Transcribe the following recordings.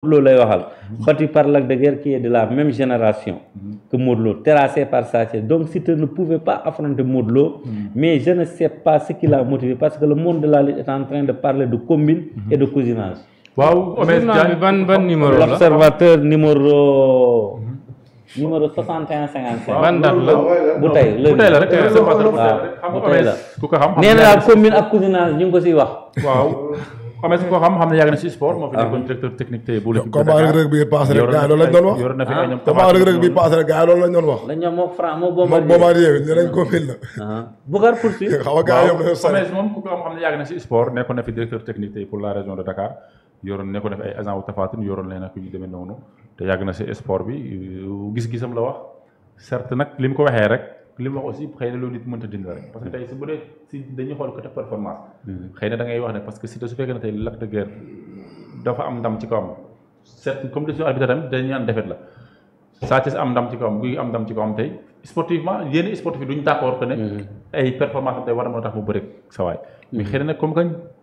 Modou Lo lay waxal battu par Lac de Guiers qui est de la même génération que Modou Lo terrassé par Sa Thiès donc Siteu ne pouvait pas affronter Modou mais je ne sais pas ce qui l'a motivé parce que le monde de la lutte est en train de parler de combine et de cousinage waaw ban ban numéro la l'observateur la ah, bu bu tey la rek waaw bu tey la ah, nee na combine ak cousinage ñu ngi ko siy wax xamee ko xam xam ne yàgg na si sport moo fi ah. nekkoon directeur technique tey bu l'équipe combat rek rek bi passé rek gars yi loolu lañ doon wax yor na fi ay ah. ñoom combat rek rek bi passé rek gars yi loolu lañ doon wax la ñoom mook franc moo bombardier ne lañ ko fil la ah. Bougar poursuit xaw a gars yow xamee moom ku ko xam xam ne yàgg na si sport nekkoon na fi directeur technique tey pour la région de Dakar yoroon nekkoon na fi ay agent wu tafatin yoroon leen ak yu demee noonu te yàgg na si sport bi gis-gisam la wax certes nag li mu ko waxee rek li mu wax aussi xëy na loolu nit mënta dindi rek parce que tey si bu si dañuy xool côté performance mm-hmm. xëy na wax ne parce que Siteu su fekkee ne tey Lac de Guiers dafa am ndam ci kawam certes comme décision arbitre tamit dañuy naan defet la Sa Thiès am ndam ci kawam guy am ndam ci kawam tey sportivement yenn sportif yi duñu d'accord que ne mm-hmm. ay performance am tey war na mën tax mu bëri sa waay mais mm-hmm. xëy comme kañ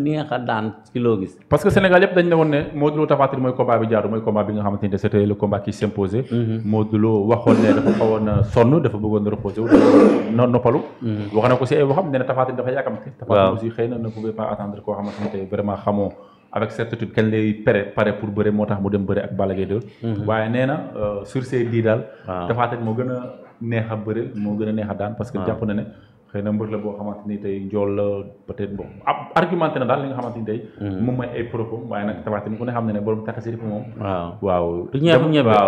neex a daan ci loo gis. parce que Sénégal yëpp dañ ne woon ne Modou Lo Tapha Tine mooy combat bi jaaru mooy combat bi nga xamante ni c'était le combat qui s'imposait. Mhm. Modou Lo waxoon ne dafa xawoon a sonn dafa bëggoon a reposer noppalu. Mhm. wax na ko si ay waxam ne ne Tapha Tine dafa yàkkamte. waaw Tapha Tine aussi xëy na ne pouvait avec certitude kenn lay pare pare pour bëre moo tax mu dem bëre ak Balla Gaye 2 mhm. waaye nee na euh, sur daal. waaw moo gën a neex a bëre moo gën a neex daan parce que jàpp na ne. xëy na mbër la boo xamante ni tey njool la peut-être bon argumenté na daal li nga xamante ni tey. Hmm. moom mooy ay propos waaye nag Tapha Tine ku ne xam ne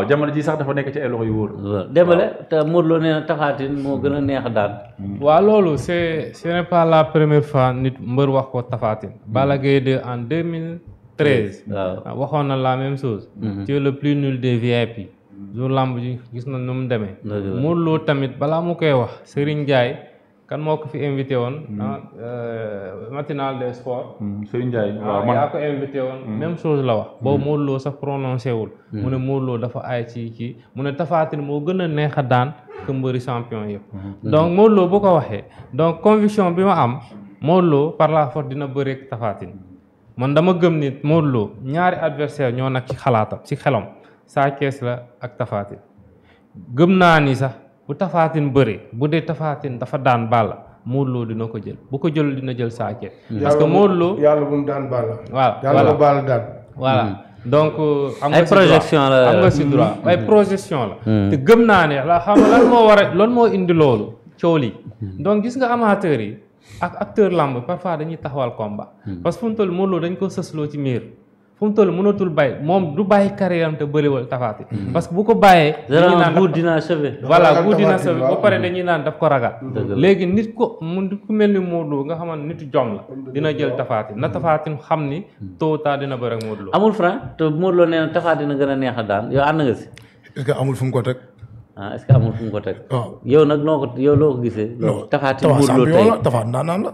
jamono ji sax dafa nekk ci yu wóor. waaw débale te Modou Lo na Tapha Tine moo gën a hmm. neex daan. Hmm. waaw loolu c' est est pas la première fois nit mbër wax ko Tapha Tine. Balla Gaye 2 en ah, waxoon na la même chose. tu es le plus nul des VIP. jour lamb ji gis na nu mu demee. Modou Lo tamit balaa mu koy wax Serigne Ndiaye. kan moo ko fi invité woon. Mm. Ah, euh, matinal des sports. Mm, Serigne Ndiaye ah, waaw yaa ko invité woon. Mm. même chose la wax. boobu Modou sax prononcé wul. mu ne Modou dafa aay ci kii mu ne Tapha moo gën a neex a daan que mbëri champion mm-hmm. Mm-hmm. donc Modou Lo bu ko waxee donc conviction bi ma am Modou par la force dina bëri ak Tapha man dama gëm ni Modou ñaari adversaire ñoo nag ci xalaatam ci xelam Sa Thiès la ak Tapha gëm naa ni sax. bu tafaatin bëri bu dee tafaatin dafa daan Balla Modou loo dina ko jël bu ko jël dina jël Sa Thiès parce loo Modou Lo yàlla bu mu daan Balla voilà yàlla bu hmm. donc euh, am nga si la droit hmm. ay projection la hmm. te gëm naa ne la xam lan moo war a loolu moo indi loolu coow li donc gis nga amateurs yi ak acteur lamb parfois dañuy taxawal komba parce que fu mu toll dañ ko sësloo ci miir fu mu toll mënatul bàyyi moom du bàyyi carrière am te bëriwul tafaati mhm. parce que bu ko bàyyee dañuy naan guur dina ba pare dañuy naan daf ko ragal léegi nit ko mu nit ku mel ni Modou Lo nga xamante nitu jom la dina jël tafaati na mhm. tafaati xam ni tôt ou tard dina bëri ak Modou Lo amul franc te Modou Lo nee na gën a neex a daan yow ànd nga si est amul fu ko teg ah est-ce que amul fu mu ko teg yow nag noo ko yow loo ko gisee tafaati Modou Lo tey tafaat ndaanaan la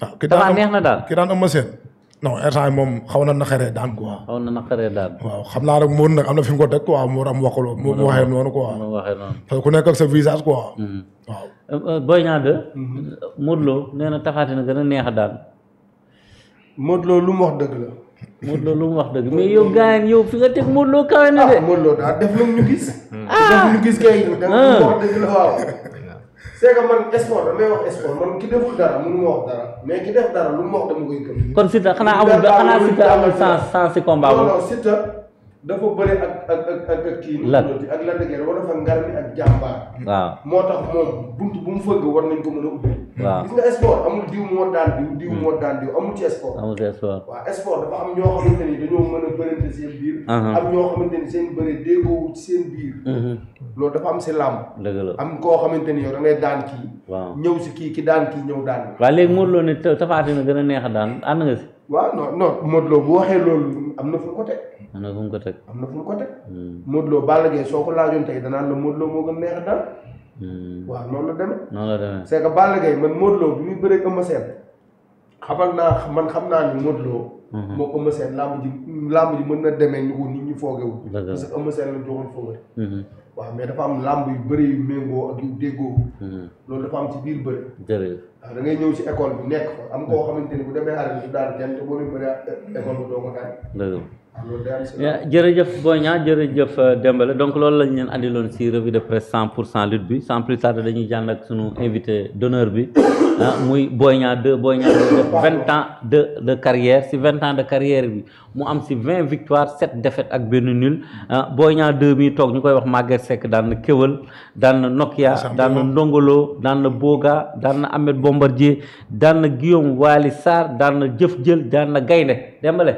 tafaat hmm. ah, neex na non instant moom xaw na naqaree daan quoi. na naqaree daan. waaw xam naa rek Mourou nag am na fi nga ko teg quoi Mourou am waxuloo. mu waxee noonu waxee noonu. parce que ku nekk ak sa visage quoi. Hmm. waaw. Euh, euh, Boy Niang 2. Hmm. neex a daan. Modou Lo lu mu wax dëgg la. Modou Lo lu mu wax dëgg mais yow gaañ yow fi nga teg Modou Lo kawe de. ah Modou Lo daa def lu ñu gis. Ah. def lu ñu gis kay. da ah. nga wax dëgg la waaw. c'est que man sport damay wax sport man ki deful dara mënu ma dara mais ki def dara lu mu wax dama koy gëm. kon Siteu xanaa amul xanaa Siteu amul sens sens si combat boobu. non dafa bëri ak ak ak ak kii. lan ak lan dëgër wala fa ngar mi ak jàmbaar. waaw moo tax moom bunt bu mu fëgg war nañ ko mën a ubbi. waaw gis nga sport amul diw moo daan diw diw moo daan diw amul ci sport. amul ci sport waaw sport dafa am ñoo xamante ni dañoo mën a bërante seen biir. Uh-huh. am ñoo xamante ni seen bëre déggoo ci seen biir. Uh-huh. loolu dafa am si làmb. dëgg la am koo xamante ni yow da ngay daan kii. waaw ñëw si kii ki daan kii ñëw daan. waaw léegi Modou Lo ne Tapha Tine gën a neex a daan ànd nga si. waaw non non Modou Lo bu waxee loolu am na fu ko teg am na fu ko teg am na fu mu ko teg. Hmm. Modou Lo Balla soo ko laajoon tey danaan la Modou moo gën neex daal. Hmm. waaw noonu la demee. noonu la demee man Modou Lo bi muy bëreeg Eumeu Sène xamal naa man xam naa ni Modou Lo. Hmm. moo Eumeu Sène làmb ji mën na demee ñu ko nit ñi foogewul. parce que Eumeu la joxoon foogee. waaw mais dafa am làmb yu bëri yu méngoo ak yu déggoo. loolu dafa am ci biir bëri. jërëjëf waaw ngay ñëw si école bi nekk am koo xamante ni bu demee arène du daal kenn te jërëjëf Boña jërëjëf euh, dembale donc loolu lañ leen andiloon ci revue de presse 100 pour bi sans plus tarder dañuy jànd ak sunu invité d'honneur bi Ah, muy Boy Niang 2 Boy Niang 2 def vingt ans de de carrière si vingt ans de carrière bi mu am si vingt victoires sept défaites ak benn nul ah, Boy Niang 2 toog ñu koy wax Maguette Seck daan na Kewel daan na Nokia daan na Ndongolo daan na Boga daan na Ahmed Bombardier daan na Guillaume Wali Sarr daan na Jëf Jël daan na Gaynde Dembale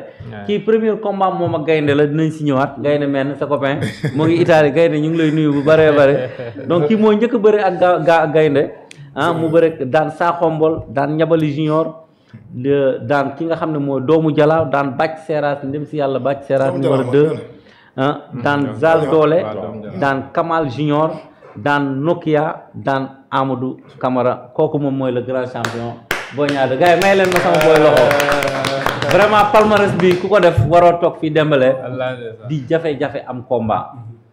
kii premier combat moom ak Gaynde la dinañ si ñëwaat Gaynde mel sa copain mu ngi Italie Gaynde ñu ngi lay nuyu bu bëree bëri donc ah mu bëre daan Saxombol daan Ñabali Junior daan ki nga xam ne mooy doomu Jalaaw daan Bàcc Seeraas ndem si yàlla Bàcc Seeraas war a ah daan Zal Doole daan Kamal Junior daan Nokia daan Amadou Camara kooku moom mooy la grand champion boo Niang 2 gars may leen ma sama booy loxo. vraiment palmarès bi ku ko def waroo toog fii dembale di jafe-jafe am komba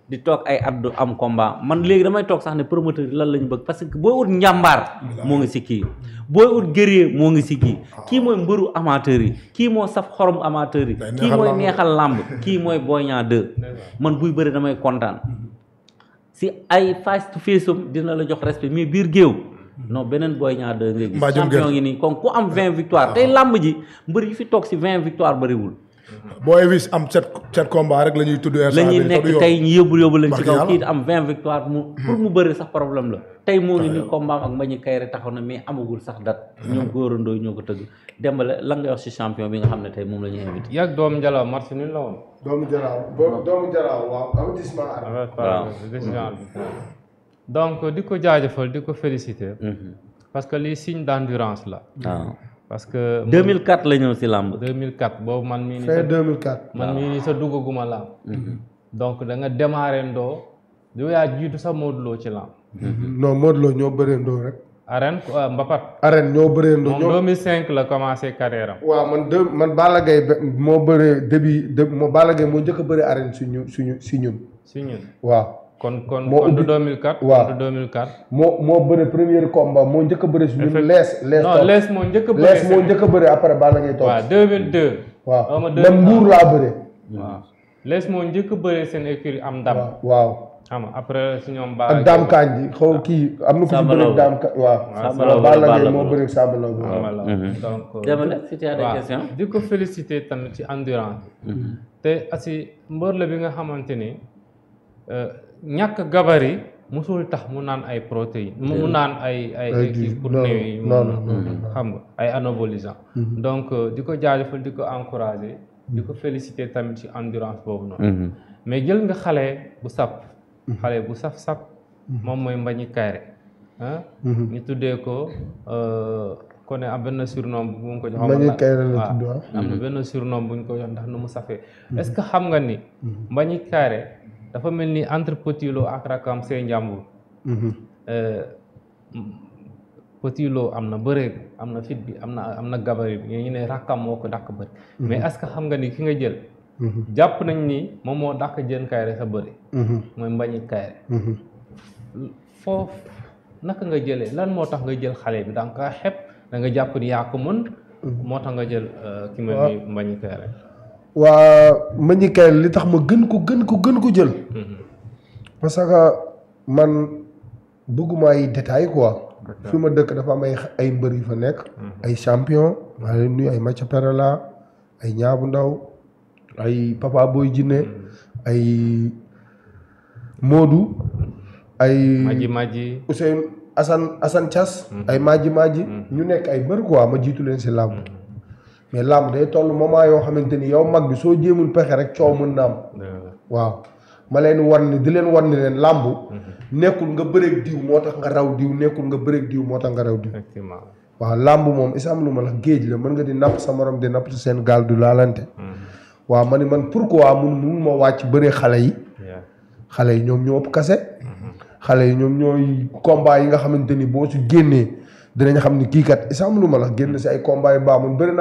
di toog ay at du am combat man léegi damay toog sax ne promoteur yi lan la ñu bëgg parce que booy ut njàmbaar moo ngi si kii booy ut guerrier moo ngi si kii ah. kii mooy mbëru amateur yi kii moo saf xorom amateur yi kii mooy neexal làmb kii mooy booy Niang 2 man buy bëri damay kontaan mm-hmm. si ay face to face am dina la jox respect mais biir géew mm-hmm. non beneen booy Niang 2 nga gis champion ngi nii kon ku am vingt ah. victoire tey ah. làmb ji mbër yi fi toog si vingt victoire bëriwul Mm-hmm. boo wis am sept sept combat rek la ñuy tudd. la ñuy nekk tey ñu yóbbu yóbbu ci kaw kii am vingt victoire mu. Mm-hmm. pour mu bëri sax problème la. tey moo ngi ni combat ak Mbagnick Kaïré taxaw na mais amagul sax dat mm-hmm. ñoom góorandoo ñoo ko tëgg. Demba la nga wax ci champion bi nga xam ne tey moom la ñu invité. yàgg doomu Jalaaw match ni la woon. Ah, donc di ko jaajëfal di ko féliciter. parce que lii signe d'endurance la. parce que 2004 la ñëw si làmb. 2004 boobu man mii. fin 2004 man mii nii sa duggaguma làmb. Mhm. donc da nga démarré ndoo. yow yaa jiitu sax Modou ci làmb. Mhm. non Modou ñoo bëree ndoo rek. arène Mbapat. arène ñoo bëree ndoo ñoo moom 2005 la commencé carrière am. man deux man Balla Gaye moo bëree début de moo Balla Gaye moo njëkk a bëree arène si ñu si ñu si ñun. si ñun waaw. kon kon moo ubbi 2004. waaw kon 2004. moo moo bëre premier combat moo njëkk a bëre si ñun. lees lees moo njëkk a bëre lees moo njëkk a bëre après la Gaye toog. waaw 2002. laa bëre. lees moo njëkk a bëre seen écurie am ndam. waa xam nga après si ñoom. Balla ak Dame Kandji xaw kii am na ku si bëre Dame Kandji waaw. waaw Balla Gaye moo bi mhm. euh, waaw. di ko féliciter tamit ci endurance. Mhm. te asi mbër la bi nga xamante ni. Euh, ñàkk gabari musul tax mu naan ay protéines mu eh, naan ay ay kii pour néew yi xam nga ay anabolisant mm-hmm. donc euh, di ko jaajëfal di ko encourager di ko mm-hmm. féliciter tamit ci endurance boobu noonu mm-hmm. mais jël nga xale bu sap xale bu saf-sap moom mooy Mbagnick Kaïré ah ñu tuddee ko euh, ko ne am benn surnom bu mu ko jox waaw am na benn surnom bu ñu ko jox ndax nu mu safee est que xam nga ni Mbagnick Kaïré dafa mel ni entre Petit Lo ak rakam Sey Njàmbur mm-hmm. euh, Petit am na bëreegu am na fit bi am na am na gabari bi ñu ne rakam moo ko dàq bëri mm-hmm. mais est-ce que xam nga ni ki nga jël mm-hmm. jàpp nañ ni moom moo dàq jën kayre sa bëri mooy mbañi kayre foofu nga jëlee lan moo tax jël xale bi danga jàpp yaa ko mën moo tax nga jël euh, ki mel ni waa Mbagnickane li tax ma gën ko gën ko gën ko jël. parce que man bëgguma ay détail quoi. fi ma dëkk dafa am ay ay mbër yu fa nekk. Mhm. ay champion maa leen nuyu ay Macha Perala ay ñaabu ndaw ay Papa Boy Djiné mhm. ay Modou. ay Maji Maji Ousseynou Assane mhm. ay Maji Maji. ñu nekk ay mbër quoi ma jiitu leen si làmb. mais làmb day toll moment yoo xamante ni yow mag bi soo jéemul pexe rek coow mën na am. waaw ma leen wan ni di leen wan ni leen làmb. Mhm. nekkul nga bëreeg diw moo tax nga raw diw nekkul nga bëreeg diw moo tax nga raw diw. effectivement waaw làmb moom is am lu ma la géej la mën nga di napp sa morom di napp seen gaal du laalante. Mhm. waaw ma ni man pour pourquoi mun mun ma wàcc bëree xale yi. xale yi ñoom ñoo ëpp kase. Mhm. xale yi ñoom ñooy combat yi nga xamante ni boo si génnee dinañ xam ni kii kat is ma la génn si ay combat yu baax man